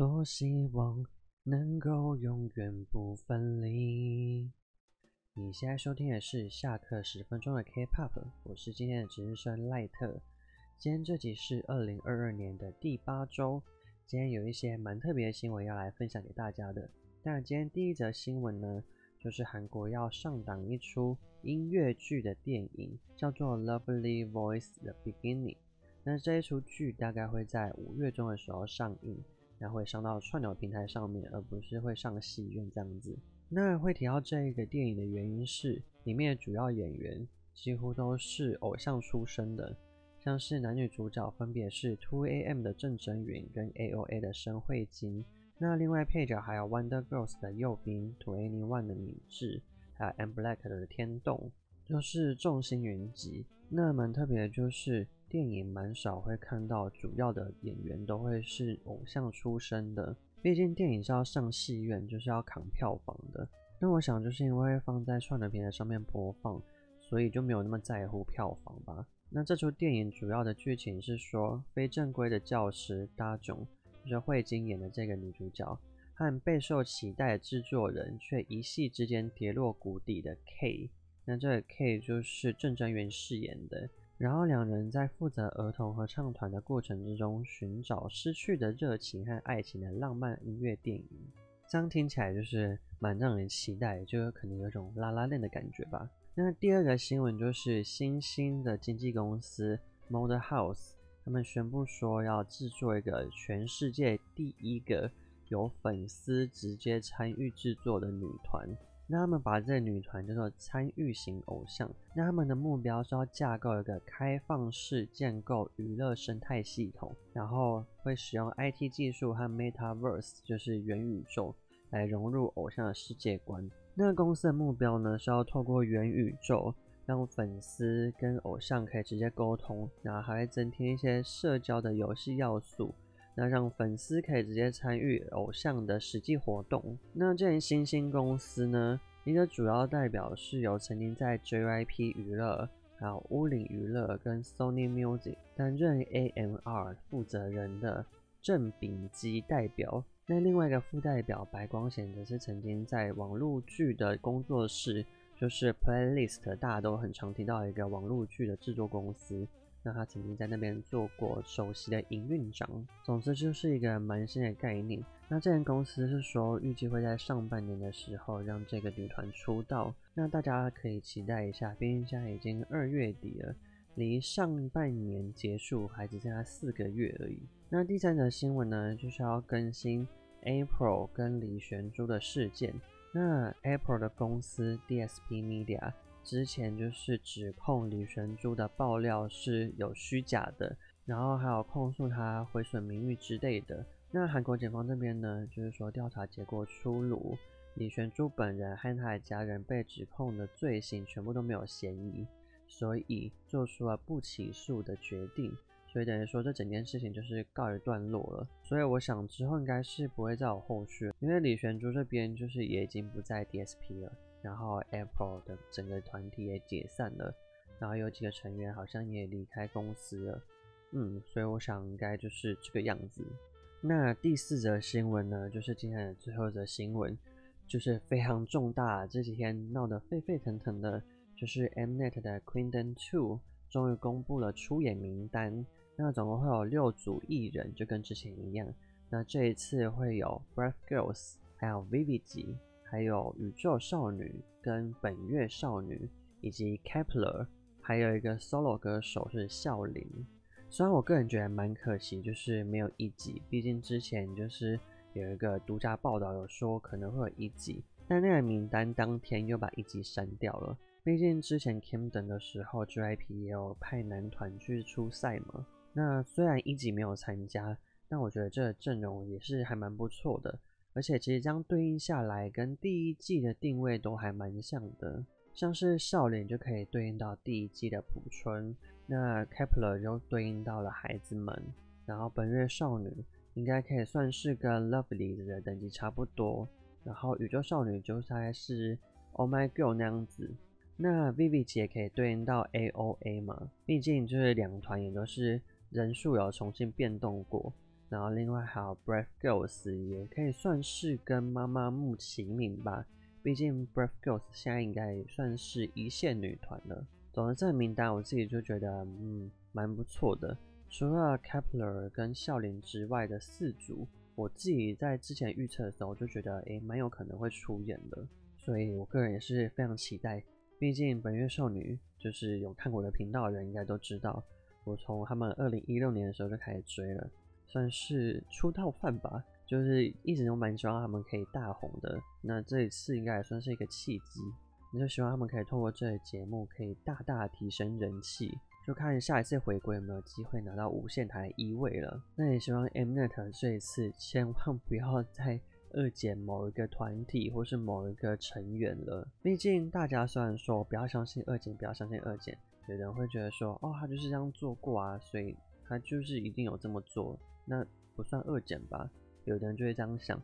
多希望能夠永遠不分離。你現在收聽的是下課十分鐘的 K-pop，我是今天的值日生賴特。今天這集是二零二二年的第八周，今天有一些蠻特別的新聞要來分享給大家的。但今天第一則新聞呢，就是韓國要上檔一出音樂劇的電影，叫做《Lovely Voice The Beginning》。那這一出劇大概會在五月中的時候上映。然後會上到串流平台上面，而不是會上戲院這樣子。那會提到這一個電影的原因是，裡面的主要演員幾乎都是偶像出身的，像是男女主角分別是 2AM 的鄭珍雲跟 AOA 的申惠晶。那另外配角還有 Wonder Girls 的宥彬、2NE1 的敏智，還有 MBLAQ 的天動，都、就是眾星雲集。那蠻特別的就是。電影蠻少會看到，主要的演員都會是偶像出身的，畢竟電影是要上戲院，就是要扛票房的。那我想就是因為放在串流平台上面播放，所以就沒有那麼在乎票房吧。那這出電影主要的劇情是說，非正規的教師大冢，就是慧晶演的這個女主角，和備受期待的制作人，卻一夕之間跌落谷底的 K。那這個 K 就是鄭珍雲飾演的。然後兩人在負責兒童合唱團的過程之中，尋找失去的熱情和愛情的浪漫音樂電影，這樣聽起來就是蠻讓人期待，就有可能有一種拉拉鏈的感覺吧。那第二個新聞就是新興的經紀公司 MODHAUS，他們宣布說要制作一個全世界第一個由粉絲直接參與制作的女團。那他們把這女團叫做參與型偶像。那他們的目標是要架構一個開放式建構娛樂生態系統，然後會使用 IT 技術和 MetaVerse，就是元宇宙，來融入偶像的世界觀。那公司的目標呢是要透過元宇宙，讓粉絲跟偶像可以直接溝通，然後還會增添一些社交的遊戲要素，那讓粉絲可以直接參與偶像的實際活動。那這些新興公司呢？您的主要代表是由曾經在 JYP 娛樂、還有烏嶺娛樂跟 Sony Music 擔任 AMR 負責人的鄭秉基代表。那另外一個副代表白光賢則是曾經在網絡劇的工作室，就是 Playlist，大家都很常聽到一個網絡劇的製作公司。那他曾經在那邊做過首席的營運長，總之就是一個蠻新的概念。那這間公司是說預計會在上半年的時候讓這個女團出道，那大家可以期待一下。畢竟現在已經二月底了，離上半年結束還只剩下四個月而已。那第三則新聞呢，就是要更新 April 跟李玹珠的事件。那 April 的公司 DSP Media。之前就是指控李玹珠的爆料是有虛假的，然後還有控訴他毀損名譽之類的。那韓國警方這邊呢，就是說調查結果出爐，李玹珠本人和她的家人被指控的罪行全部都沒有嫌疑，所以做出了不起訴的決定。所以等於說這整件事情就是告一段落了。所以我想之後應該是不會再有後續，因為李玹珠這邊就是也已經不在 DSP 了。然後 APRIL 的整個團體也解散了，然後有幾個成員好像也離開公司了，嗯，所以我想應該就是這個樣子。那第四則新聞呢，就是今天的最後一則新聞，就是非常重大，這幾天鬧得沸沸騰騰，騰的，就是 Mnet 的 Queendom Two 終於公布了出演名單，那總共會有六組藝人，就跟之前一樣，那這一次會有 Brave Girls 還有 VIVIZ。還有宇宙少女、跟本月少女，以及 Kepler，還有一個 solo 歌手是孝琳，雖然我個人覺得蠻可惜，就是沒有一級，畢竟之前就是有一個獨家報道有說可能會有一級，但那個名單當天又把一級刪掉了。畢竟之前 Kingdom 的時候，JYP 也有派男團去出賽嘛。那雖然一級沒有參加，但我覺得這陣容也是還蠻不錯的。而且其實這樣對應下來，跟第一季的定位都還蠻像的，像是孝琳就可以對應到第一季的朴春，那 Kepler 就對應到了孩子們，然後本月少女應該可以算是跟 Lovely 的人等級差不多，然後宇宙少女就大概是 Oh My Girl 那樣子，那 Vivy 也可以對應到 AOA 嘛，畢竟就是兩團也都是人數有重新變動過。然後另外還有 Brave Girls，也可以算是跟媽媽木齊名吧。畢竟 Brave Girls 現在應該也算是一線女團了。總的這個名單，我自己就覺得嗯蠻不錯的。除了 Kepler 跟孝琳之外的四組，我自己在之前預測的時候就覺得誒蠻有可能會出演的，所以我個人也是非常期待。畢竟本月少女就是有看過我的頻道的人應該都知道，我從他們二零一六年的時候就開始追了。算是出道飯吧，就是一直都蠻希望他們可以大紅的。那這一次應該也算是一個契機，你就希望他們可以透過這個節目可以大大提升人氣，就看下一次回歸有沒有機會拿到無線台一位了。那也希望 Mnet 這一次千萬不要再二減某一個團體或是某一個成員了，畢竟大家雖然說不要相信二減，不要相信二減，有人會覺得說哦他就是這樣做過啊，所以他就是一定有這麼做。那不算惡剪吧？有的人就會這樣想，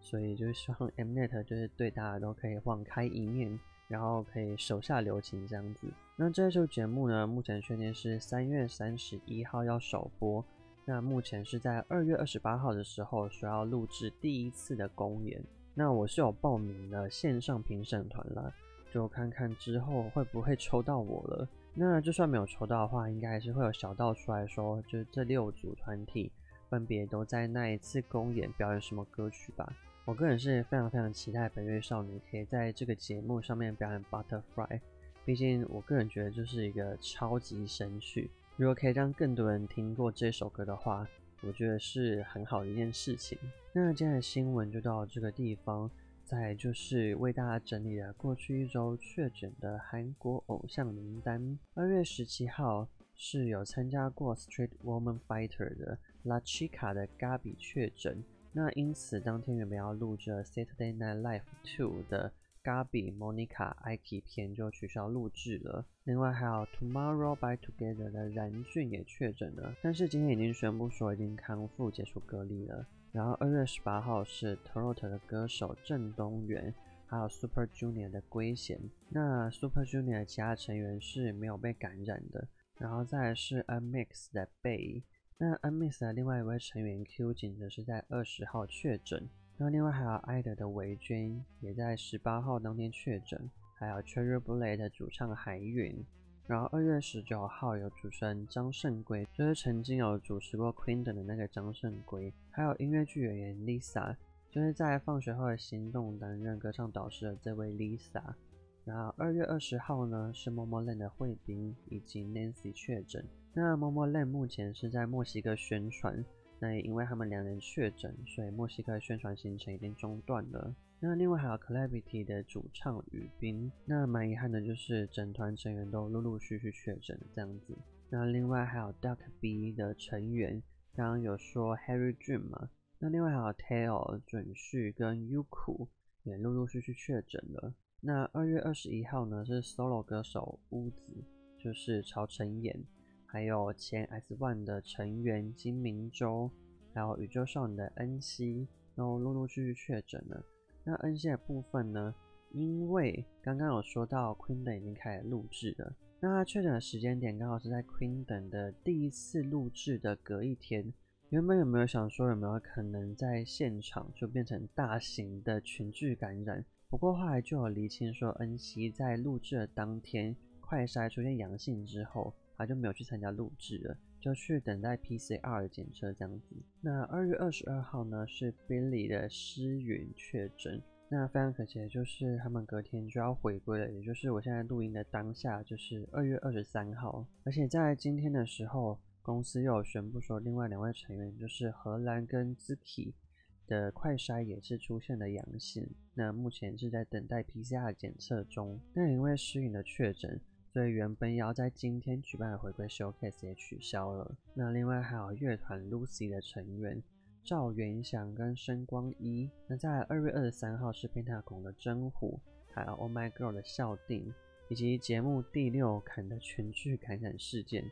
所以就是希望 Mnet 就是對大家都可以網開一面，然後可以手下留情這樣子。那這一周節目呢，目前確定是三月三十一號要首播。那目前是在二月二十八號的時候說要錄制第一次的公演。那我是有報名的線上評審團啦，就看看之後會不會抽到我了。那就算沒有抽到的話，應該還是會有小道出來說，就這六組團體。分別都在那一次公演表演什麼歌曲吧？我個人是非常非常期待本月少女可以在這個節目上面表演《Butterfly》，畢竟我個人覺得就是一個超級神曲。如果可以讓更多人聽過這首歌的話，我覺得是很好的一件事情。那今天的新聞就到這個地方。再就是為大家整理了過去一周確診的韓國偶像名單。二月十七號是有參加過《Street Woman Fighter》的。拉奇卡的嘎比確診，那因此當天原本要錄製 Saturday Night Live 2的嘎比、莫妮卡、艾奇片，就取消錄製了。另外還有 Tomorrow by Together 的然俊也確診了，但是今天已經宣布說已經康復結束隔離了。然後二月十八號是 Trot 的歌手鄭東元，還有 Super Junior 的圭賢。那 Super Junior 的其他成員是沒有被感染的。然後再來是 NMIXX 的貝。那 MIS a 另外一位成員 Q 僅則是在二十號確診，然後另外還有艾德的韋君也在十八號當天確診，還有 Cherry Bullet 的主唱海允。然後二月十九號有主持人張聖圭，就是曾經有主持過《Queendom》的那個張聖圭，還有音樂劇演員 Lisa，就是在放學後的行動擔任歌唱導師的這位 Lisa，然後二月二十號呢是 MomoLand 的惠彬以及 Nancy 確診。那 MOMOLAND 目前是在墨西哥宣傳，那也因為他們兩人確診，所以墨西哥宣傳行程已經中斷了。那另外還有 CRAVITY 的主唱雨冰，那蠻遺憾的就是整團成員都陸陸續續確診這樣子。那另外還有 DKB 的成員，剛剛有說 Harry June 嘛，那另外還有 Teo 準旭跟 Yuku 也陸陸續續確診了。那二月二十一號呢是 solo 歌手 WOODZ，就是曹承衍。還有前 X ONE 的成員金明洲，還有宇宙少女的恩熙，然後陸陸續續確診了。那恩熙的部分呢？因為剛剛有說到 Queendom 已經開始錄製了，那確診的時間點剛好是在 Queendom 第一次錄製的隔一天。原本有沒有想說有沒有可能在現場就變成大型的群聚感染？不過後來就有釐清說，恩熙在錄製的當天快篩出現陽性之後。他就沒有去參加錄製了，就去等待 PCR 的檢測這樣子。那二月二十二號呢，是 Billlie 的詩允確診。那非常可惜的就是，他們隔天就要回歸了，也就是我現在錄音的當下，就是二月二十三號。而且在今天的時候，公司又有宣布說，另外兩位成員就是荷蘭跟志啟的快篩也是出現了陽性，那目前是在等待 PCR 檢測中。那因為詩允的確診，所以原本要在今天舉辦的回歸 showcase 也取消了。那另外還有樂團 Lucy 的成員趙元祥跟申光一。那在二月二十三號是 Pentagon 的真虎，還有 Oh My Girl 的孝定，以及節目第六感的群聚感染事件。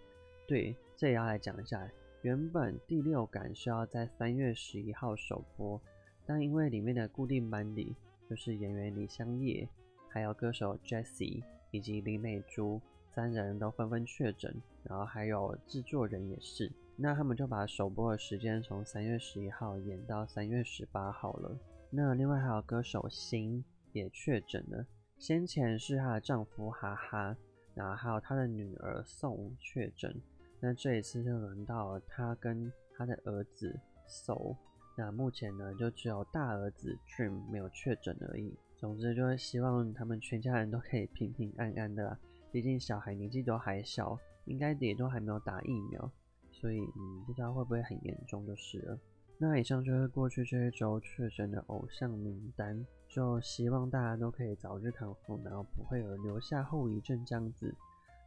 對，這也要來講一下。原本第六感是要在三月十一號首播，但因為裡面的固定班底就是演員李相燁還有歌手 Jessie。以及李美珠三人都紛紛確診，然後還有製作人也是，那他們就把首播的時間從三月十一號延到三月十八號了。那另外還有歌手星也確診了，先前是她的丈夫哈哈，然後還有她的女兒宋確診，那這一次就輪到她跟她的兒子 Soul。那目前呢，就只有大兒子 Dream 沒有確診而已。總之就是希望他們全家人都可以平平安安的，畢竟小孩年紀都還小，應該也都還沒有打疫苗，所以、嗯、不知道會不會很嚴重就是了。那以上就是過去這一周確診的偶像名單，就希望大家都可以早日康復，然後不會有留下後遺症這樣子。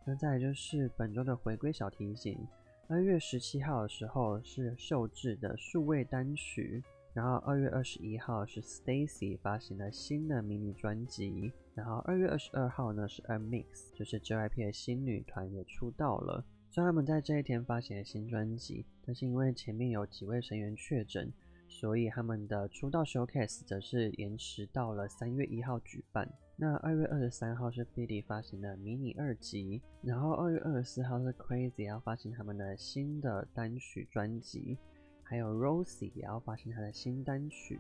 那再來就是本周的回歸小提醒，二月十七號的時候是秀智的數位單曲。然後二月二十一號是 Stacy 發行了新的迷你專輯，然後二月二十二號呢是 Amix，就是 JYP 的新女團也出道了，雖然他們在這一天發行了新專輯，但是因為前面有幾位成員確診，所以他們的出道 showcase 則是延遲到了三月一號舉辦。那二月二十三號是 Billy 發行了迷你二輯，然後二月二十四號是 Crazy 要發行他們的新的單曲專輯。還有 Rosie 也要發行他的新單曲，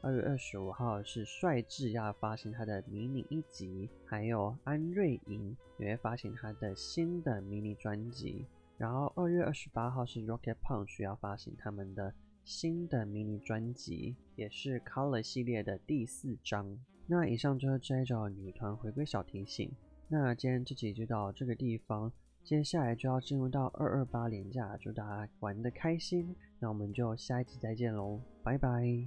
二月二十五號是帥智要發行他的迷你一輯，還有安瑞瑩也會發行他的新的迷你專輯。然後二月二十八號是 Rocket Punch 要發行他們的新的迷你專輯，也是 Color 系列的第四張。那以上就是這一週女團回歸小提醒。那今天這期就到這個地方，接下來就要進入到二二八連假，祝大家玩得開心。那我們就下一集再見嘍，拜拜。